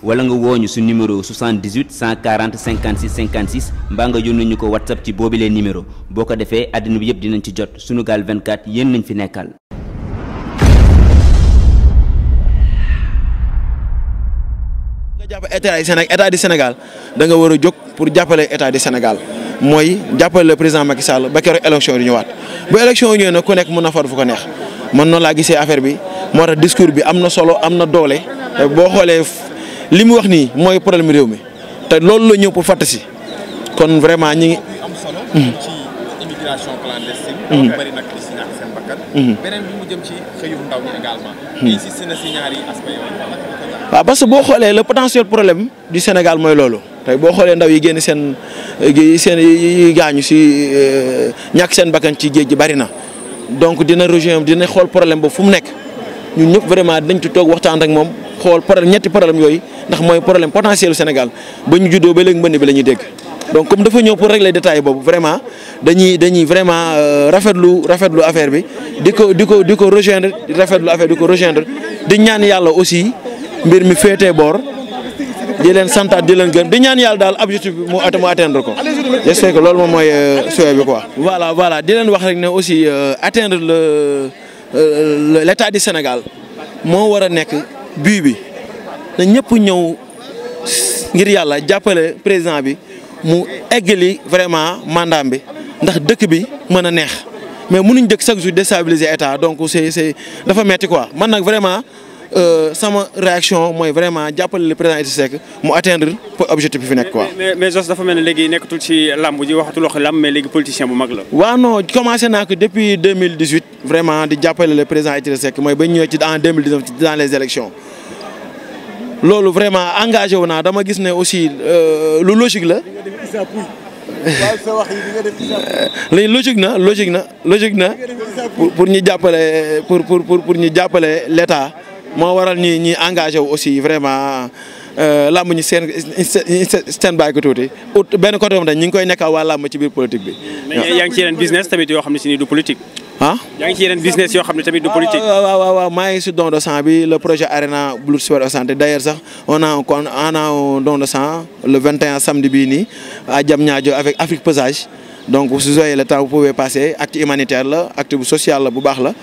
wala nga wooñu su numéro 78 140 56 56 mbaa nga yónni ñu ko whatsapp ci boobilee numéro boo ko defee àddina bi yëpp dinañ ci jot Sunugal 24 yéen nañ fi nekkal jàpp état du Sénégal état du Sénégal da nga war a jóg pour jàppale état du senegal mooy jàppale le président Macky Sall ba keroog élection yi ñëwaat bu élection yi ñëwee nag ku nekk mën na far fu ko neex man noonu laa gisee affaire bi moo tax discours bi am na solo am na doole boo xoolee li mu wax nii mooy problème réew mi te loolu la ñëw pour fàtte si kon vraiment ñi ngi. Mhm. immigration clandestine. Mhm. si mhm. na si ñaari aspect yooyu. waaw ah, parce que boo xoolee la potentiel problème du Sénégal mooy loolu tey boo xoolee ndaw yi génn seen seen yi gaañu si euh, ñàkk seen bakkan ci géej gi bari na donc dina région dina xool problème boobu fu mu nekk ñu ñëpp vraiment dañ ci toog waxtaan ak moom xool problème ñetti problème yooyu. ndax mooy problème potentiel Sénégal ba ñu juddoo ba léegi mbënd bi la ñuy dégg donc comme dafa ñëw pour régler détail boobu vraiment dañuy dañuy vraiment euh, rafetlu rafetlu affaire bi di ko di ko di ko rejoindre rafetlu affaire di ko rejoindre di ñaan yàlla aussi mbir mi féetee boor di leen santaat di leen gën di ñaan yàlla daal objectif bi mu atteindre ko. j'espère que loolu mooy euh, souhait bi quoi. voilà voilà di leen wax rek ne aussi euh, atteindre le l'état du Sénégal moo war a nekk but bi. na ñëpp ñëw ngir yàlla jàppale président bi mu eggali vraiment mandat bi ndax dëkk bi mën a neex mais mënuñ dëkk chaque jour déstabiliser état donc c'est c'est dafa metti quoi man nag vraiment euh, sama réaction mooy vraiment jàppale le président Idrissa Seck mu atteindre objectif bi fi nekk quoi. mais mais Zoss dafa mel ne léegi nekkatul ci làmb ji waxatul wax làmb mais léegi politicien bu mag la. waaw non commencé naa ko depuis 2018 vraiment di jàppale le président Idrissa Seck mooy ba ci dans les élections loolu vraiment engagé wu naa dama gis ne aussi euh, lu logique la. léegi logique na logique na logique na pour ñu jàppale pour pour pour ñu jàppale l' état moo waral ñi ñi aussi vraiment euh, làmb ñu seen seen bàyyi ko tuuti benn côté moom dañ ñu ngi koy nekkal waa làmb ci biir politique bi. mais yaa ngi ci yeneen business tamit yoo xam ne si ni du politique. ah. yaa ngi ci yeneen business yoo xam ne tamit si don de sang bi le projet Arena a on a avec Afrique Pesage donc su le temps pouvez passer acte humanitaire la acte bu social la bu baax la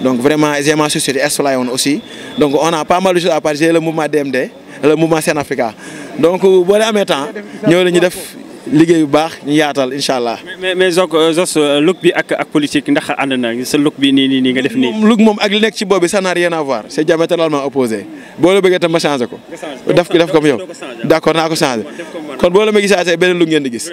donc vraiment GMA société est la woon aussi donc on a pas mal de choses à partager le mouvement DMD le mouvement Sen Africa donc boo dee amee temps def. liggéey bu baax ñu yaatal incha allah. mais mais Zos Zos euh, euh, look bi ak ak politique ndax ànd na sa bi nii nii nga def nii. moom look moom ak li nekk ci boobu ça n'a rien à voir c'est diamétralement opposé bëggee tam ma changé ko. def ko yow d'accord naa ko changé kon boo la ma gisaatee beneen look ngeen di gis.